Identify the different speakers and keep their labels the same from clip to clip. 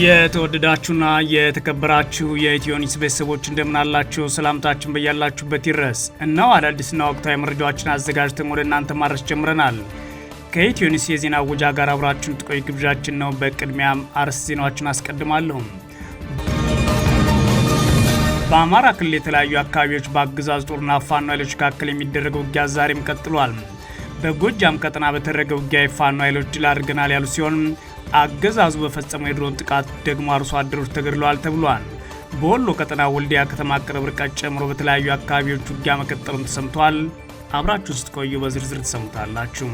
Speaker 1: የተወደዳችሁና የተከበራችሁ የኢትዮኒስ ቤተሰቦች እንደምናላችሁ ሰላምታችን በያላችሁበት ይድረስ። እናው አዳዲስና ወቅታዊ መረጃዎችን አዘጋጅተን ወደ እናንተ ማድረስ ጀምረናል። ከኢትዮኒስ የዜና ውጃ ጋር አብራችሁን ጥቆይ ግብዣችን ነው። በቅድሚያም አርስ ዜናዎችን አስቀድማለሁ። በአማራ ክልል የተለያዩ አካባቢዎች በአገዛዝ ጦርና ፋኖ ኃይሎች መካከል የሚደረገው ውጊያ ዛሬም ቀጥሏል። በጎጃም ቀጠና በተደረገ ውጊያ የፋኖ ኃይሎች ድል አድርገናል ያሉ ሲሆን አገዛዙ በፈጸመው የድሮን ጥቃት ደግሞ አርሶ አደሮች ተገድለዋል ተብሏል። በወሎ ቀጠና ወልዲያ ከተማ ቅርብ ርቀት ጨምሮ በተለያዩ አካባቢዎች ውጊያ መቀጠሉም ተሰምቷል። አብራችሁ ስትቆዩ በዝርዝር ትሰሙታላችሁ።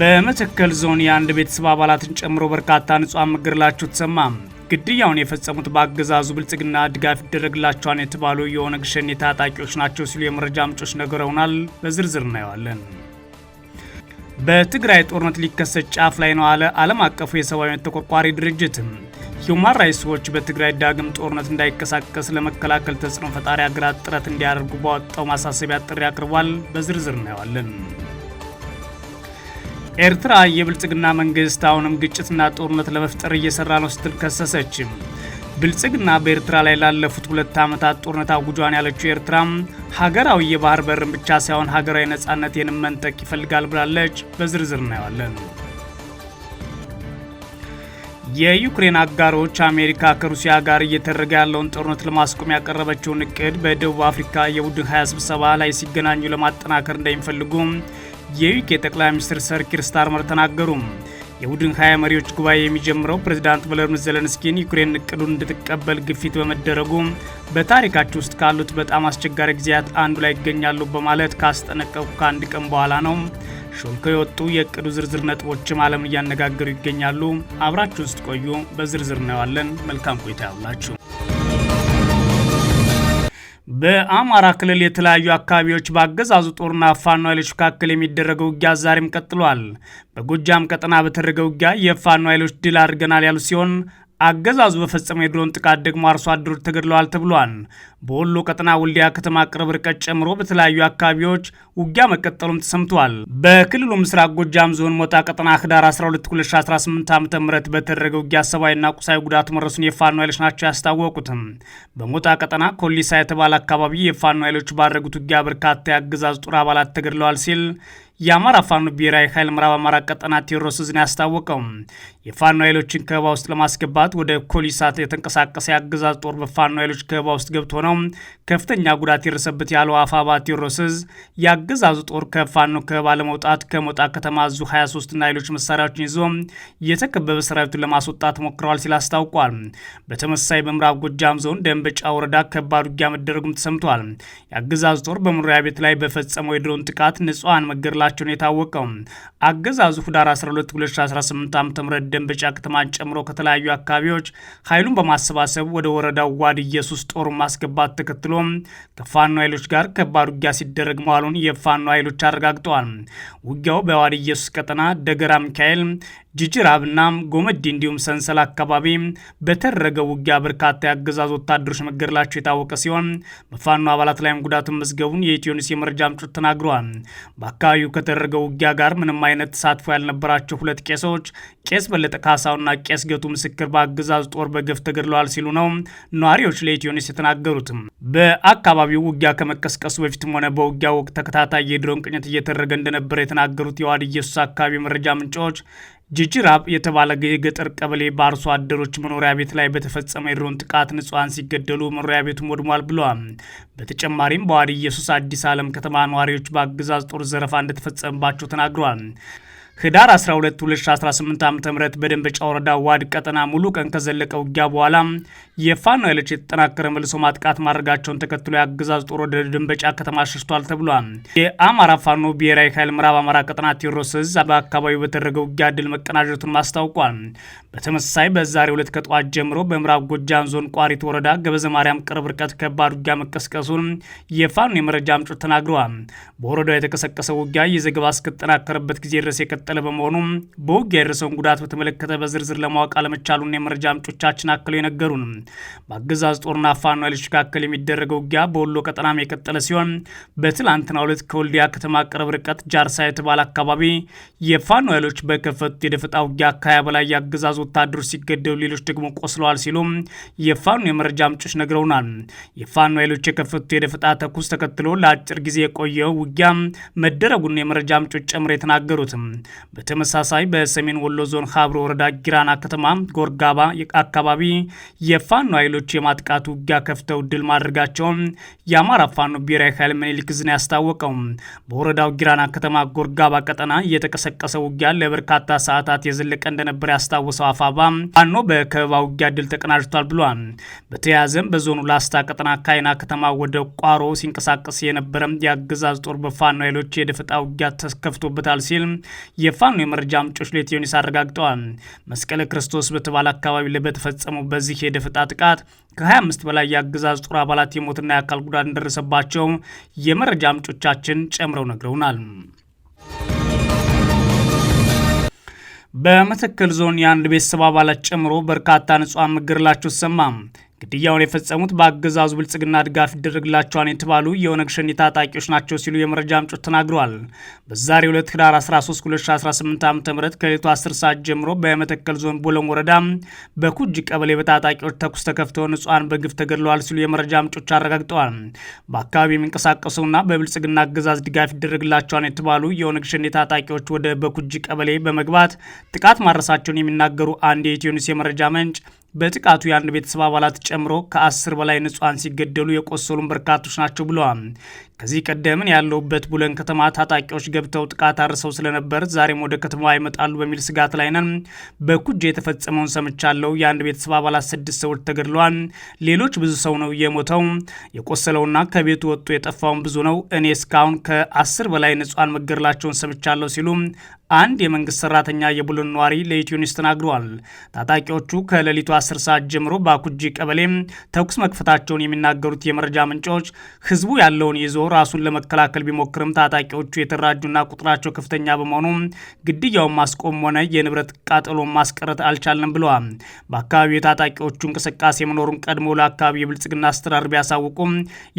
Speaker 1: በመተከል ዞን የአንድ ቤተሰብ አባላትን ጨምሮ በርካታ ንጹሐን መገደላቸው ተሰማም። ግድያውን የፈጸሙት በአገዛዙ ብልጽግና ድጋፍ ይደረግላቸዋል የተባሉ የኦነግ ሸኔ ታጣቂዎች ናቸው ሲሉ የመረጃ ምንጮች ነግረውናል። በዝርዝር እናየዋለን። በትግራይ ጦርነት ሊከሰት ጫፍ ላይ ነው አለ ዓለም አቀፉ የሰብአዊ መብት ተቆርቋሪ ድርጅትም። ሂውማን ራይትስ ዎች በትግራይ ዳግም ጦርነት እንዳይቀሳቀስ ለመከላከል ተጽዕኖ ፈጣሪ ሀገራት ጥረት እንዲያደርጉ ባወጣው ማሳሰቢያ ጥሪ አቅርቧል። በዝርዝር እናየዋለን። ኤርትራ የብልጽግና መንግስት አሁንም ግጭትና ጦርነት ለመፍጠር እየሰራ ነው ስትል ከሰሰች። ብልጽግና በኤርትራ ላይ ላለፉት ሁለት ዓመታት ጦርነት አውጇን ያለችው ኤርትራ ሀገራዊ የባህር በርን ብቻ ሳይሆን ሀገራዊ ነጻነትን መንጠቅ ይፈልጋል ብላለች። በዝርዝር እናየዋለን። የዩክሬን አጋሮች አሜሪካ ከሩሲያ ጋር እየተደረገ ያለውን ጦርነት ለማስቆም ያቀረበችውን እቅድ በደቡብ አፍሪካ የቡድን ሀያ ስብሰባ ላይ ሲገናኙ ለማጠናከር እንደሚፈልጉም የዩኬ ጠቅላይ ሚኒስትር ሰር ኪር ስታርመር ተናገሩ። የቡድን ሀያ መሪዎች ጉባኤ የሚጀምረው ፕሬዚዳንት ቮሎድሚር ዘለንስኪን ዩክሬን እቅዱን እንድትቀበል ግፊት በመደረጉ በታሪካቸው ውስጥ ካሉት በጣም አስቸጋሪ ጊዜያት አንዱ ላይ ይገኛሉ በማለት ካስጠነቀቁ ከአንድ ቀን በኋላ ነው ሾልከው የወጡ የእቅዱ ዝርዝር ነጥቦችም ዓለምን እያነጋገሩ ይገኛሉ። አብራችሁ ውስጥ ቆዩ፣ በዝርዝር እናየዋለን። መልካም ቆይታ ያውላችሁ። በአማራ ክልል የተለያዩ አካባቢዎች በአገዛዙ ጦርና ፋኖ ኃይሎች መካከል የሚደረገው ውጊያ ዛሬም ቀጥሏል። በጎጃም ቀጠና በተደረገ ውጊያ የፋኖ ኃይሎች ድል አድርገናል ያሉ ሲሆን አገዛዙ በፈጸመው የድሮን ጥቃት ደግሞ አርሶ አደሮች ተገድለዋል ተብሏል። በወሎ ቀጠና ወልዲያ ከተማ ቅርብ ርቀት ጨምሮ በተለያዩ አካባቢዎች ውጊያ መቀጠሉም ተሰምቷል። በክልሉ ምስራቅ ጎጃም ዞን ሞጣ ቀጠና ህዳር 12 2018 ዓ ም በተደረገ ውጊያ ሰብአዊና ቁሳዊ ጉዳት መረሱን የፋኖ ኃይሎች ናቸው ያስታወቁትም። በሞጣ ቀጠና ኮሊሳ የተባለ አካባቢ የፋኖ ኃይሎች ባደረጉት ውጊያ በርካታ የአገዛዙ ጦር አባላት ተገድለዋል ሲል የአማራ ፋኖ ብሔራዊ ኃይል ምዕራብ አማራ ቀጠና ቴዎድሮስ ዝን ያስታወቀው የፋኖ ኃይሎችን ከበባ ውስጥ ለማስገባት ወደ ኮሊሳት የተንቀሳቀሰ የአገዛዝ ጦር በፋኖ ኃይሎች ከበባ ውስጥ ገብቶ ነው ከፍተኛ ጉዳት የደረሰበት ያለው አፋባ ቴዎድሮስ እዝ የአገዛዙ ጦር ከፋኖ ከበባ ለመውጣት ከሞጣ ከተማ ዙ 23ና ኃይሎች መሳሪያዎችን ይዞ የተከበበ ሰራዊቱን ለማስወጣት ሞክረዋል ሲል አስታውቋል። በተመሳሳይ በምዕራብ ጎጃም ዞን ደንበጫ ወረዳ ከባድ ውጊያ መደረጉም ተሰምቷል። የአገዛዙ ጦር በመኖሪያ ቤት ላይ በፈጸመው የድሮን ጥቃት ንጹሐን መገደላቸው መሆናቸውን የታወቀው አገዛዙ ህዳር 12 2018 ዓ ም ደንበጫ ከተማን ጨምሮ ከተለያዩ አካባቢዎች ኃይሉን በማሰባሰብ ወደ ወረዳው ዋድ ኢየሱስ ጦሩ ማስገባት ተከትሎ ከፋኖ ኃይሎች ጋር ከባድ ውጊያ ሲደረግ መዋሉን የፋኖ ኃይሎች አረጋግጠዋል። ውጊያው በዋድ ኢየሱስ ቀጠና ደገራ ሚካኤል ጅጅራብና ጎመዲ እንዲሁም ሰንሰል አካባቢ በተረገ ውጊያ በርካታ የአገዛዝ ወታደሮች መገደላቸው የታወቀ ሲሆን በፋኖ አባላት ላይም ጉዳቱን መዝገቡን የኢትዮኒስ የመረጃ ምንጮች ተናግረዋል። በአካባቢው ከተደረገው ውጊያ ጋር ምንም አይነት ተሳትፎ ያልነበራቸው ሁለት ቄሶች ቄስ በለጠ ካሳውና ቄስ ገቱ ምስክር በአገዛዝ ጦር በገፍ ተገድለዋል ሲሉ ነው ነዋሪዎች ለኢትዮኒስ የተናገሩት። በአካባቢው ውጊያ ከመቀስቀሱ በፊትም ሆነ በውጊያ ወቅት ተከታታይ የድሮን ቅኝት እየተደረገ እንደነበረ የተናገሩት የዋድ ኢየሱስ አካባቢ መረጃ ምንጮች ጅጅራብ የተባለ የገጠር ቀበሌ በአርሶ አደሮች መኖሪያ ቤት ላይ በተፈጸመ የድሮን ጥቃት ንጹሐን ሲገደሉ መኖሪያ ቤቱም ወድሟል ብለዋል። በተጨማሪም በዋዲ ኢየሱስ አዲስ ዓለም ከተማ ነዋሪዎች በአገዛዝ ጦር ዘረፋ እንደተፈጸመባቸው ተናግረዋል። ህዳር 12 2018 ዓ ም በደንበጫ ወረዳ ዋድ ቀጠና ሙሉ ቀን ከዘለቀ ውጊያ በኋላ የፋኖ ኃይሎች የተጠናከረ መልሶ ማጥቃት ማድረጋቸውን ተከትሎ የአገዛዝ ጦር ወደ ደንበጫ ከተማ ሸሽቷል ተብሏል። የአማራ ፋኖ ብሔራዊ ኃይል ምዕራብ አማራ ቀጠና ቴዎድሮስ እዝ በአካባቢው በተደረገ ውጊያ ድል መቀናጀቱን ማስታውቋል። በተመሳሳይ በዛሬ ሁለት ከጠዋት ጀምሮ በምዕራብ ጎጃም ዞን ቋሪት ወረዳ ገበዘ ማርያም ቅርብ ርቀት ከባድ ውጊያ መቀስቀሱን የፋኖ የመረጃ ምንጮች ተናግረዋል። በወረዳው የተቀሰቀሰ ውጊያ የዘገባ እስከተጠናከረበት ጊዜ ድረስ የቀጠ የቀጠለ በመሆኑም በውጊያ የደረሰውን ጉዳት በተመለከተ በዝርዝር ለማወቅ አለመቻሉን የመረጃ ምንጮቻችን አክለው የነገሩን። በአገዛዝ ጦርና ፋኖ ኃይሎች መካከል የሚደረገው ውጊያ በወሎ ቀጠናም የቀጠለ ሲሆን በትላንትና ሁለት ከወልዲያ ከተማ ቅርብ ርቀት ጃርሳ የተባለ አካባቢ የፋኖ ኃይሎች በከፈቱት የደፈጣ ውጊያ ከሀያ በላይ የአገዛዝ ወታደሮች ሲገደሉ ሌሎች ደግሞ ቆስለዋል ሲሉም የፋኖ የመረጃ ምንጮች ነግረውናል። የፋኖ ኃይሎች የከፈቱት የደፈጣ ተኩስ ተከትሎ ለአጭር ጊዜ የቆየው ውጊያ መደረጉን የመረጃ ምንጮች ጨምሮ የተናገሩትም በተመሳሳይ በሰሜን ወሎ ዞን ሀብሮ ወረዳ ጊራና ከተማ ጎርጋባ አካባቢ የፋኖ ኃይሎች የማጥቃት ውጊያ ከፍተው ድል ማድረጋቸውን የአማራ ፋኖ ብሔራዊ ኃይል ምኒልክ ዕዝ ያስታወቀው። በወረዳው ጊራና ከተማ ጎርጋባ ቀጠና የተቀሰቀሰ ውጊያ ለበርካታ ሰዓታት የዘለቀ እንደነበር ያስታወሰው አፋባ ፋኖ በከበባ ውጊያ ድል ተቀናጅቷል ብሏል። በተያያዘም በዞኑ ላስታ ቀጠና ካይና ከተማ ወደ ቋሮ ሲንቀሳቀስ የነበረ የአገዛዝ ጦር በፋኖ ኃይሎች የደፈጣ ውጊያ ተከፍቶበታል ሲል የፋኖ የመረጃ ምንጮች ለኢትዮኒስ አረጋግጠዋል። መስቀለ ክርስቶስ በተባለ አካባቢ ላይ በዚህ የደፈጣ ጥቃት ከ25 በላይ የአገዛዝ ጦር አባላት የሞትና የአካል ጉዳት እንደደረሰባቸው የመረጃ ምንጮቻችን ጨምረው ነግረውናል። በመተከል ዞን የአንድ ቤተሰብ አባላት ጨምሮ በርካታ ንጹሐን መገደላቸው ተሰማ። ግድያውን የፈጸሙት በአገዛዙ ብልጽግና ድጋፍ ይደረግላቸዋል የተባሉ የኦነግ ሸኔ ታጣቂዎች ናቸው ሲሉ የመረጃ ምንጮች ተናግረዋል። በዛሬ ዕለት ህዳር 13 2018 ዓ ም ከሌቱ 10 ሰዓት ጀምሮ በመተከል ዞን ቦለም ወረዳ በኩጅ ቀበሌ በታጣቂዎች ተኩስ ተከፍተው ንጹሐን በግፍ ተገድለዋል ሲሉ የመረጃ ምንጮች አረጋግጠዋል። በአካባቢ የሚንቀሳቀሱና በብልጽግና አገዛዝ ድጋፍ ይደረግላቸዋል የተባሉ የኦነግ ሸኔ ታጣቂዎች ወደ በኩጅ ቀበሌ በመግባት ጥቃት ማድረሳቸውን የሚናገሩ አንድ የኢትዮኒስ የመረጃ ምንጭ በጥቃቱ የአንድ ቤተሰብ አባላት ጨምሮ ከአስር በላይ ንጹሐን ሲገደሉ የቆሰሉም በርካቶች ናቸው ብለዋል። ከዚህ ቀደምን ያለውበት ቡለን ከተማ ታጣቂዎች ገብተው ጥቃት አርሰው ስለነበር ዛሬም ወደ ከተማዋ ይመጣሉ በሚል ስጋት ላይ ነን። በኩጅ የተፈጸመውን ሰምቻለሁ። የአንድ ቤተሰብ አባላት ስድስት ሰዎች ተገድለዋል። ሌሎች ብዙ ሰው ነው የሞተው። የቆሰለውና ከቤቱ ወጥቶ የጠፋውን ብዙ ነው። እኔ እስካሁን ከአስር በላይ ንጹሐን መገደላቸውን ሰምቻለሁ ሲሉ አንድ የመንግስት ሰራተኛ የቡለን ነዋሪ ለኢትዮ ኒውስ ተናግረዋል። ታጣቂዎቹ ከሌሊቱ አስር ሰዓት ጀምሮ በአኩጂ ቀበሌ ተኩስ መክፈታቸውን የሚናገሩት የመረጃ ምንጮች ህዝቡ ያለውን ይዞ ራሱን ለመከላከል ቢሞክርም ታጣቂዎቹ የተራጁና ቁጥራቸው ከፍተኛ በመሆኑ ግድያውን ማስቆም ሆነ የንብረት ቃጠሎን ማስቀረት አልቻለም ብለዋል። በአካባቢው የታጣቂዎቹ እንቅስቃሴ መኖሩን ቀድሞ ለአካባቢው የብልጽግና አስተዳደር ቢያሳውቁም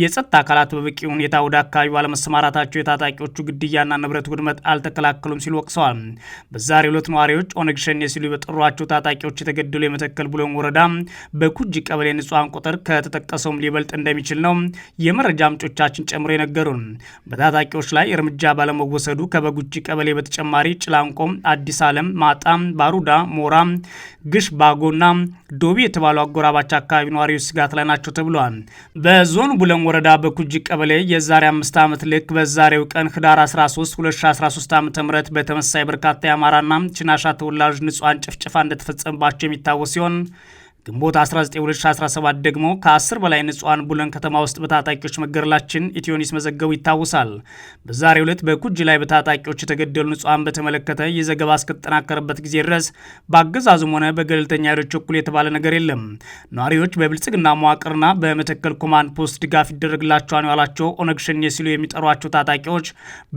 Speaker 1: የጸጥታ አካላት በበቂ ሁኔታ ወደ አካባቢው ባለመሰማራታቸው የታጣቂዎቹ ግድያና ንብረት ውድመት አልተከላከሉም ሲሉ ወቅሰዋል። በዛሬው ዕለት ነዋሪዎች ኦነግ ሸኔ ሲሉ በጠሯቸው ታጣቂዎች የተገደሉ የመተከል ብሎን ወረዳ በኩጂ ቀበሌ ንጹሐን ቁጥር ከተጠቀሰውም ሊበልጥ እንደሚችል ነው የመረጃ ምንጮቻችን ጨምሮ የነገሩን። በታጣቂዎች ላይ እርምጃ ባለመወሰዱ ከበጉጂ ቀበሌ በተጨማሪ ጭላንቆም፣ አዲስ ዓለም፣ ማጣም፣ ባሩዳ፣ ሞራ፣ ግሽ ባጎና ዶቢ የተባሉ አጎራባች አካባቢ ነዋሪዎች ስጋት ላይ ናቸው ተብሏል። በዞን ቡለን ወረዳ በኩጂ ቀበሌ የዛሬ አምስት ዓመት ልክ በዛሬው ቀን ህዳር 13 2013 ዓ ም በተመሳይ በርካታ የአማራና ችናሻ ተወላጅ ንጹሐን ጭፍጭፋ እንደተፈጸመባቸው የሚታወስ ሲሆን ግንቦት 192017 ደግሞ ከ10 በላይ ንጹሐን ቡለን ከተማ ውስጥ በታጣቂዎች መገደላችን ኢትዮኒስ መዘገቡ ይታወሳል። በዛሬው ዕለት በኩጅ ላይ በታጣቂዎች የተገደሉ ንጹሐን በተመለከተ ይህ ዘገባ እስከተጠናከረበት ጊዜ ድረስ በአገዛዙም ሆነ በገለልተኛ ኃይሎች እኩል የተባለ ነገር የለም። ነዋሪዎች በብልጽግና መዋቅርና በመተከል ኮማንድ ፖስት ድጋፍ ይደረግላቸዋል ያሏቸው ኦነግ ሸኔ ሲሉ የሚጠሯቸው ታጣቂዎች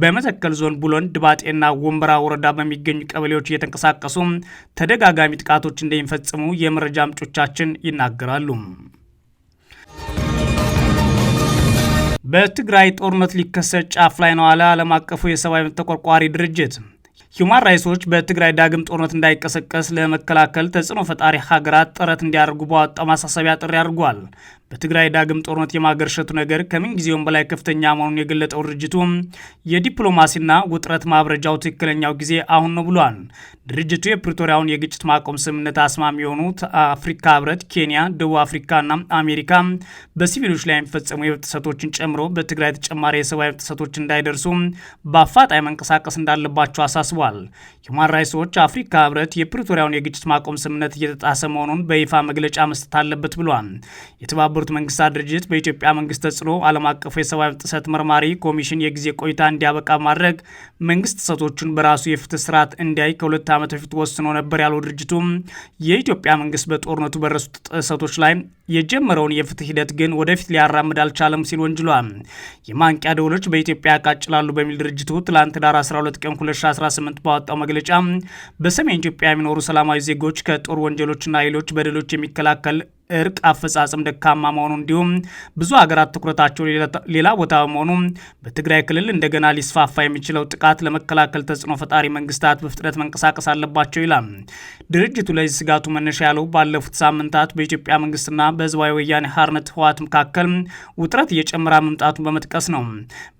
Speaker 1: በመተከል ዞን ቡለን፣ ድባጤና ወንበራ ወረዳ በሚገኙ ቀበሌዎች እየተንቀሳቀሱ ተደጋጋሚ ጥቃቶች እንደሚፈጽሙ የመረጃ ምንጮች ምንጮቻችን ይናገራሉ። በትግራይ ጦርነት ሊከሰት ጫፍ ላይ ነው አለ ዓለም አቀፉ የሰብአዊ መብት ተቆርቋሪ ድርጅት። ሂውማን ራይትስ ዎች በትግራይ ዳግም ጦርነት እንዳይቀሰቀስ ለመከላከል ተጽዕኖ ፈጣሪ ሀገራት ጥረት እንዲያደርጉ በወጣው ማሳሰቢያ ጥሪ አድርጓል። በትግራይ ዳግም ጦርነት የማገርሸቱ ነገር ከምን ጊዜውም በላይ ከፍተኛ መሆኑን የገለጠው ድርጅቱ የዲፕሎማሲና ውጥረት ማብረጃው ትክክለኛው ጊዜ አሁን ነው ብሏል። ድርጅቱ የፕሪቶሪያውን የግጭት ማቆም ስምምነት አስማሚ የሆኑት አፍሪካ ህብረት፣ ኬንያ፣ ደቡብ አፍሪካና አሜሪካ በሲቪሎች ላይ የሚፈጸሙ የመብት ጥሰቶችን ጨምሮ በትግራይ ተጨማሪ የሰብአዊ መብት ጥሰቶች እንዳይደርሱ በአፋጣኝ መንቀሳቀስ እንዳለባቸው አሳስቧል። የማን ራይትስ ዎች አፍሪካ ህብረት የፕሪቶሪያውን የግጭት ማቆም ስምምነት እየተጣሰ መሆኑን በይፋ መግለጫ መስጠት አለበት ብሏል። የተባበሩ የተባበሩት መንግስታት ድርጅት በኢትዮጵያ መንግስት ተጽዕኖ ዓለም አቀፉ የሰብአዊ ጥሰት መርማሪ ኮሚሽን የጊዜ ቆይታ እንዲያበቃ ማድረግ መንግስት ጥሰቶቹን በራሱ የፍትህ ስርዓት እንዲያይ ከሁለት ዓመት በፊት ወስኖ ነበር ያለው ድርጅቱም የኢትዮጵያ መንግስት በጦርነቱ በረሱ ጥሰቶች ላይ የጀመረውን የፍትህ ሂደት ግን ወደፊት ሊያራምድ አልቻለም ሲል ወንጅሏል። የማንቂያ ደውሎች በኢትዮጵያ ያቃጭላሉ በሚል ድርጅቱ ትላንት ዳር 12 ቀን 2018 ባወጣው መግለጫ በሰሜን ኢትዮጵያ የሚኖሩ ሰላማዊ ዜጎች ከጦር ወንጀሎችና ሌሎች በደሎች የሚከላከል እርቅ አፈጻጸም ደካማ መሆኑ እንዲሁም ብዙ ሀገራት ትኩረታቸው ሌላ ቦታ በመሆኑ በትግራይ ክልል እንደገና ሊስፋፋ የሚችለው ጥቃት ለመከላከል ተጽዕኖ ፈጣሪ መንግስታት በፍጥነት መንቀሳቀስ አለባቸው ይላል ድርጅቱ። ለዚህ ስጋቱ መነሻ ያለው ባለፉት ሳምንታት በኢትዮጵያ መንግስትና በህዝባዊ ወያኔ ሀርነት ህወሓት መካከል ውጥረት እየጨመረ መምጣቱን በመጥቀስ ነው።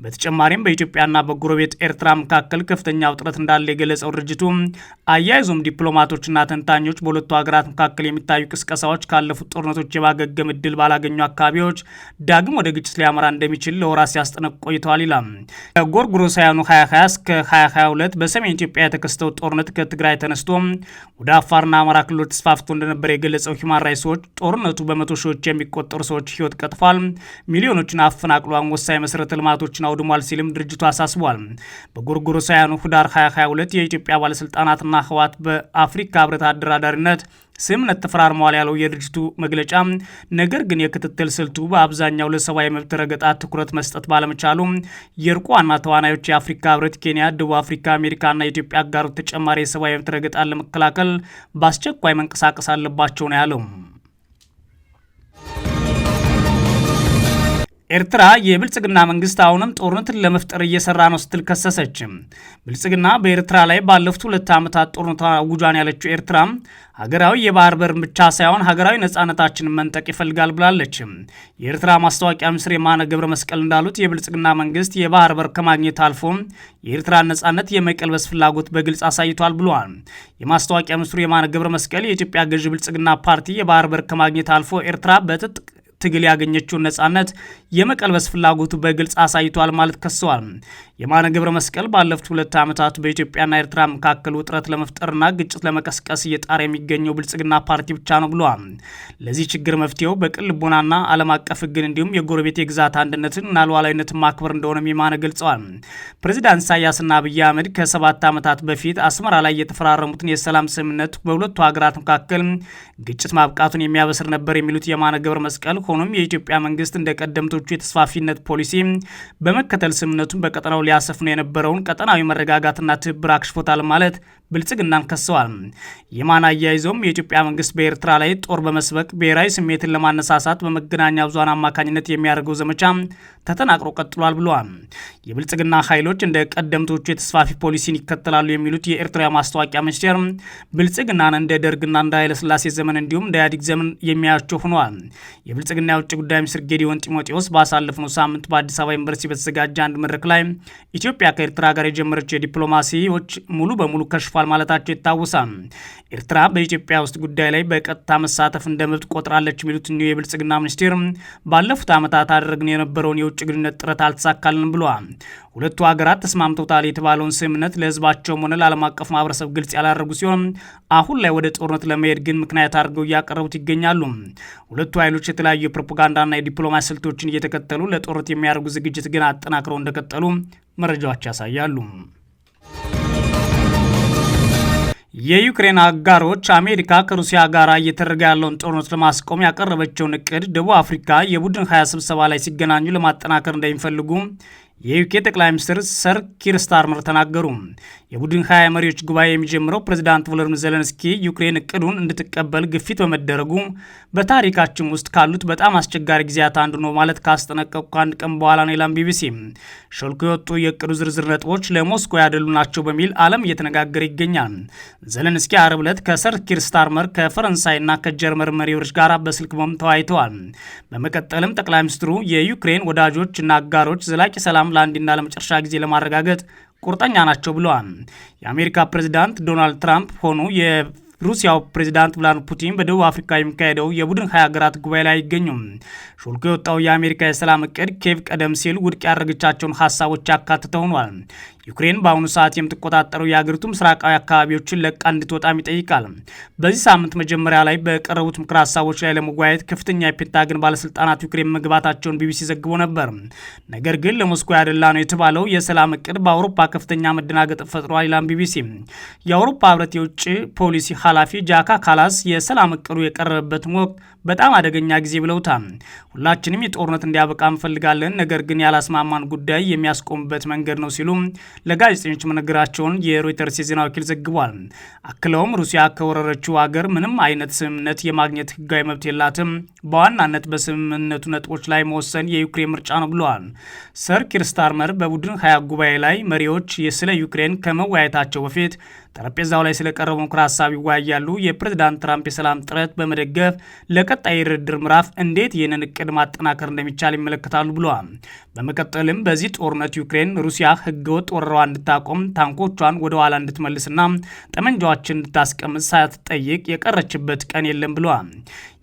Speaker 1: በተጨማሪም በኢትዮጵያና በጎረቤት ኤርትራ መካከል ከፍተኛ ውጥረት እንዳለ የገለጸው ድርጅቱ አያይዞም ዲፕሎማቶችና ተንታኞች በሁለቱ ሀገራት መካከል የሚታዩ ቅስቀሳዎች ካለፉት ጦርነቶች የማገገም እድል ባላገኙ አካባቢዎች ዳግም ወደ ግጭት ሊያመራ እንደሚችል ለወራት ሲያስጠነቅ ቆይተዋል ይላል። ከጎርጎሮሳውያኑ 2020 እስከ 2022 በሰሜን ኢትዮጵያ የተከሰተው ጦርነት ከትግራይ ተነስቶ ወደ አፋርና አማራ ክልሎች ተስፋፍቶ እንደነበረ የገለጸው ሂማን ራይትስ ዎች ጦርነቱ በመቶ ሺዎች የሚቆጠሩ ሰዎች ህይወት ቀጥፏል፣ ሚሊዮኖችን አፈናቅሏን፣ ወሳኝ መሰረተ ልማቶችን አውድሟል ሲልም ድርጅቱ አሳስቧል። በጎርጎሮሳውያኑ ህዳር 2022 የኢትዮጵያ ባለስልጣናትና ህወሓት በአፍሪካ ህብረት አደራዳሪነት ስምምነት ተፈራርመዋል ያለው የድርጅቱ መግለጫ፣ ነገር ግን የክትትል ስልቱ በአብዛኛው ለሰብአዊ መብት ረገጣ ትኩረት መስጠት ባለመቻሉ የእርቁ ዋና ተዋናዮች የአፍሪካ ህብረት፣ ኬንያ፣ ደቡብ አፍሪካ፣ አሜሪካና ኢትዮጵያ አጋሩ ተጨማሪ የሰብአዊ መብት ረገጣን ለመከላከል በአስቸኳይ መንቀሳቀስ አለባቸው ነው ያለው። ኤርትራ የብልጽግና መንግስት አሁንም ጦርነትን ለመፍጠር እየሰራ ነው ስትል ከሰሰች ብልጽግና በኤርትራ ላይ ባለፉት ሁለት ዓመታት ጦርነት አውጇን ያለችው ኤርትራ ሀገራዊ የባህር በር ብቻ ሳይሆን ሀገራዊ ነጻነታችንን መንጠቅ ይፈልጋል ብላለች። የኤርትራ ማስታወቂያ ሚኒስትር የማነ ገብረ መስቀል እንዳሉት የብልጽግና መንግስት የባህር በር ከማግኘት አልፎ የኤርትራ ነጻነት የመቀልበስ ፍላጎት በግልጽ አሳይቷል ብለዋል። የማስታወቂያ ሚኒስትሩ የማነ ገብረ መስቀል የኢትዮጵያ ገዢ ብልጽግና ፓርቲ የባህር በር ከማግኘት አልፎ ኤርትራ በትጥቅ ትግል ያገኘችውን ነጻነት የመቀልበስ ፍላጎቱ በግልጽ አሳይቷል ማለት ከሰዋል። የማነ ገብረ መስቀል ባለፉት ሁለት ዓመታት በኢትዮጵያና ኤርትራ መካከል ውጥረት ለመፍጠርና ግጭት ለመቀስቀስ እየጣረ የሚገኘው ብልጽግና ፓርቲ ብቻ ነው ብለዋል። ለዚህ ችግር መፍትሄው በቅን ልቦናና ዓለም አቀፍ ሕግን እንዲሁም የጎረቤት የግዛት እና ሉዓላዊነትን ማክበር እንደሆነም የማነ ገልጸዋል። ፕሬዚዳንት ኢሳያስና አብይ አህመድ ከሰባት ዓመታት በፊት አስመራ ላይ የተፈራረሙትን የሰላም ስምምነት በሁለቱ ሀገራት መካከል ግጭት ማብቃቱን የሚያበስር ነበር የሚሉት የማነ ገብረ መስቀል ሆኖም የኢትዮጵያ መንግስት እንደ ቀደምቶቹ የተስፋፊነት ፖሊሲ በመከተል ስምምነቱን በቀጠናው ሊያሰፍኑ የነበረውን ቀጠናዊ መረጋጋትና ትብብር አክሽፎታል ማለት ብልጽግናን ከሰዋል። የማን አያይዘውም የኢትዮጵያ መንግስት በኤርትራ ላይ ጦር በመስበቅ ብሔራዊ ስሜትን ለማነሳሳት በመገናኛ ብዙሃን አማካኝነት የሚያደርገው ዘመቻ ተጠናቅሮ ቀጥሏል ብለዋል። የብልጽግና ኃይሎች እንደ ቀደምቶቹ የተስፋፊ ፖሊሲን ይከተላሉ የሚሉት የኤርትራ ማስታወቂያ ሚኒስቴር ብልጽግናን እንደ ደርግና እንደ ኃይለስላሴ ዘመን እንዲሁም እንደ ኢህአዴግ ዘመን የሚያያቸው ሆነዋል። ብልጽግና የውጭ ጉዳይ ሚኒስትር ጌዲዮን ጢሞቴዎስ ባሳለፍነው ሳምንት በአዲስ አበባ ዩኒቨርሲቲ በተዘጋጀ አንድ መድረክ ላይ ኢትዮጵያ ከኤርትራ ጋር የጀመረችው የዲፕሎማሲዎች ሙሉ በሙሉ ከሽፏል ማለታቸው ይታወሳል። ኤርትራ በኢትዮጵያ ውስጥ ጉዳይ ላይ በቀጥታ መሳተፍ እንደ መብት ቆጥራለች የሚሉት እኒ የብልጽግና ሚኒስቴር ባለፉት ዓመታት አድረግን የነበረውን የውጭ ግንኙነት ጥረት አልተሳካልን ብሏል። ሁለቱ ሀገራት ተስማምተውታል የተባለውን ስምምነት ለህዝባቸውም ሆነ ለዓለም አቀፍ ማህበረሰብ ግልጽ ያላደረጉ ሲሆን አሁን ላይ ወደ ጦርነት ለመሄድ ግን ምክንያት አድርገው እያቀረቡት ይገኛሉ። ሁለቱ ኃይሎች የተለያዩ የፕሮፓጋንዳና የዲፕሎማሲ ስልቶችን እየተከተሉ ለጦርነት የሚያደርጉ ዝግጅት ግን አጠናክረው እንደቀጠሉ መረጃዎች ያሳያሉ። የዩክሬን አጋሮች አሜሪካ ከሩሲያ ጋር እየተደረገ ያለውን ጦርነት ለማስቆም ያቀረበችውን እቅድ ደቡብ አፍሪካ የቡድን ሀያ ስብሰባ ላይ ሲገናኙ ለማጠናከር እንደሚፈልጉ የዩኬ ጠቅላይ ሚኒስትር ሰር ኪር ስታርመር ተናገሩ። የቡድን ሀያ መሪዎች ጉባኤ የሚጀምረው ፕሬዚዳንት ቮሎድሚር ዘለንስኪ ዩክሬን እቅዱን እንድትቀበል ግፊት በመደረጉ በታሪካችን ውስጥ ካሉት በጣም አስቸጋሪ ጊዜያት አንዱ ነው ማለት ካስጠነቀቁ ከአንድ ቀን በኋላ ነው ይላም ቢቢሲ። ሾልኮ የወጡ የእቅዱ ዝርዝር ነጥቦች ለሞስኮ ያደሉ ናቸው በሚል ዓለም እየተነጋገረ ይገኛል። ዘለንስኪ አርብ ዕለት ከሰር ኪር ስታርመር ከፈረንሳይና ከጀርመን መሪዎች ጋር በስልክ መም ተወያይተዋል። በመቀጠልም ጠቅላይ ሚኒስትሩ የዩክሬን ወዳጆች እና አጋሮች ዘላቂ ሰላም ለአንድና ለመጨረሻ ጊዜ ለማረጋገጥ ቁርጠኛ ናቸው ብለዋል። የአሜሪካ ፕሬዚዳንት ዶናልድ ትራምፕ ሆኑ ሩሲያው ፕሬዚዳንት ቭላድሚር ፑቲን በደቡብ አፍሪካ የሚካሄደው የቡድን ሀያ ሀገራት ጉባኤ ላይ አይገኙም። ሾልኮ የወጣው የአሜሪካ የሰላም እቅድ ኬቭ ቀደም ሲል ውድቅ ያደረገቻቸውን ሀሳቦች ያካትተ ሆኗል። ዩክሬን በአሁኑ ሰዓት የምትቆጣጠረው የአገሪቱ ምስራቃዊ አካባቢዎችን ለቃ እንድትወጣም ይጠይቃል። በዚህ ሳምንት መጀመሪያ ላይ በቀረቡት ምክር ሀሳቦች ላይ ለመወያየት ከፍተኛ የፔንታገን ባለስልጣናት ዩክሬን መግባታቸውን ቢቢሲ ዘግቦ ነበር። ነገር ግን ለሞስኮ ያደላ ነው የተባለው የሰላም እቅድ በአውሮፓ ከፍተኛ መደናገጥ ፈጥሯል ይላል ቢቢሲ። የአውሮፓ ህብረት የውጭ ፖሊሲ ኃላፊ ጃካ ካላስ የሰላም እቅዱ የቀረበበትን ወቅት በጣም አደገኛ ጊዜ ብለውታል። ሁላችንም የጦርነት እንዲያበቃ እንፈልጋለን፣ ነገር ግን ያላስማማን ጉዳይ የሚያስቆምበት መንገድ ነው ሲሉ ለጋዜጠኞች መነገራቸውን የሮይተርስ የዜና ወኪል ዘግቧል። አክለውም ሩሲያ ከወረረችው አገር ምንም አይነት ስምምነት የማግኘት ህጋዊ መብት የላትም፣ በዋናነት በስምምነቱ ነጥቦች ላይ መወሰን የዩክሬን ምርጫ ነው ብለዋል። ሰር ኪር ስታርመር በቡድን ሀያ ጉባኤ ላይ መሪዎች ስለ ዩክሬን ከመወያየታቸው በፊት ጠረጴዛው ላይ ስለቀረበ ምክረ ሀሳብ ይወያያሉ። የፕሬዝዳንት ትራምፕ የሰላም ጥረት በመደገፍ ለቀጣይ የድርድር ምዕራፍ እንዴት ይህንን እቅድ ማጠናከር እንደሚቻል ይመለከታሉ ብለዋል። በመቀጠልም በዚህ ጦርነት ዩክሬን ሩሲያ ህገወጥ ወረራዋ እንድታቆም ታንኮቿን ወደ ኋላ እንድትመልስና ጠመንጃዎችን እንድታስቀምጥ ሳትጠይቅ የቀረችበት ቀን የለም ብለዋል።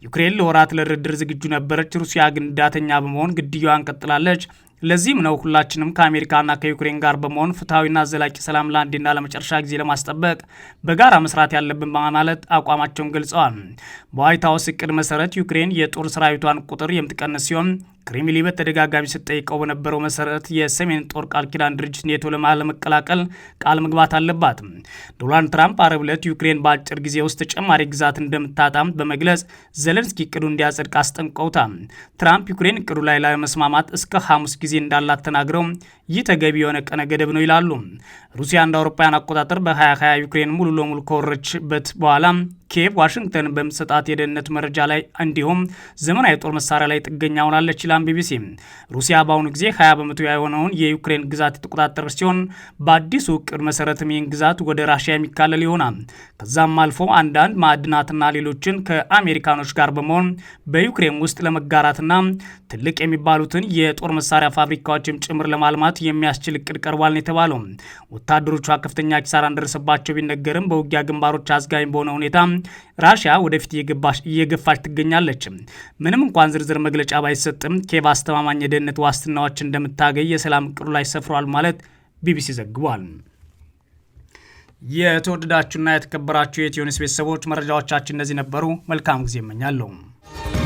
Speaker 1: ዩክሬን ለወራት ለድርድር ዝግጁ ነበረች። ሩሲያ ግን ዳተኛ በመሆን ግድያዋን ቀጥላለች። ለዚህም ነው ሁላችንም ከአሜሪካና ከዩክሬን ጋር በመሆን ፍትሐዊና ዘላቂ ሰላም ለአንዴና ለመጨረሻ ጊዜ ለማስጠበቅ በጋራ መስራት ያለብን በማለት አቋማቸውን ገልጸዋል። በዋይት ሀውስ እቅድ መሰረት ዩክሬን የጦር ሰራዊቷን ቁጥር የምትቀንስ ሲሆን ክሬምሊ በተደጋጋሚ ስጠይቀው በነበረው መሰረት የሰሜን ጦር ቃል ኪዳን ድርጅት ኔቶ ለመቀላቀል ቃል መግባት አለባት። ዶናልድ ትራምፕ አረብ ዕለት ዩክሬን በአጭር ጊዜ ውስጥ ተጨማሪ ግዛት እንደምታጣም በመግለጽ ዘለንስኪ እቅዱ እንዲያጸድቅ አስጠንቀውታል። ትራምፕ ዩክሬን እቅዱ ላይ ላለመስማማት እስከ ሐሙስ ጊዜ እንዳላት ተናግረው ይህ ተገቢ የሆነ ቀነ ገደብ ነው ይላሉ። ሩሲያ እንደ አውሮፓውያን አቆጣጠር በ2020 ዩክሬን ሙሉ ለሙሉ ከወረችበት በኋላ ኬቭ ዋሽንግተን በምትሰጣት የደህንነት መረጃ ላይ እንዲሁም ዘመናዊ ጦር መሳሪያ ላይ ጥገኛ ሆናለች ይላል ቢቢሲ። ሩሲያ በአሁኑ ጊዜ 20 በመቶ የሆነውን የዩክሬን ግዛት የተቆጣጠረች ሲሆን በአዲሱ እቅድ መሰረትም ይህን ግዛት ወደ ራሽያ የሚካለል ይሆናል። ከዛም አልፎ አንዳንድ ማዕድናትና ሌሎችን ከአሜሪካኖች ጋር በመሆን በዩክሬን ውስጥ ለመጋራትና ትልቅ የሚባሉትን የጦር መሳሪያ ፋብሪካዎችም ጭምር ለማልማት የሚያስችል እቅድ ቀርቧል ነው የተባለው። ወታደሮቿ ከፍተኛ ኪሳራ እንደደረሰባቸው ቢነገርም በውጊያ ግንባሮች አዝጋኝ በሆነ ሁኔታ ራሽያ ወደፊት እየገፋች ትገኛለች። ምንም እንኳን ዝርዝር መግለጫ ባይሰጥም ኬቭ አስተማማኝ የደህንነት ዋስትናዎች እንደምታገኝ የሰላም እቅዱ ላይ ሰፍሯል ማለት ቢቢሲ ዘግቧል። የተወደዳችሁና የተከበራችሁ የኢትዮ ኒውስ ቤተሰቦች መረጃዎቻችን እነዚህ ነበሩ። መልካም ጊዜ እመኛለሁ።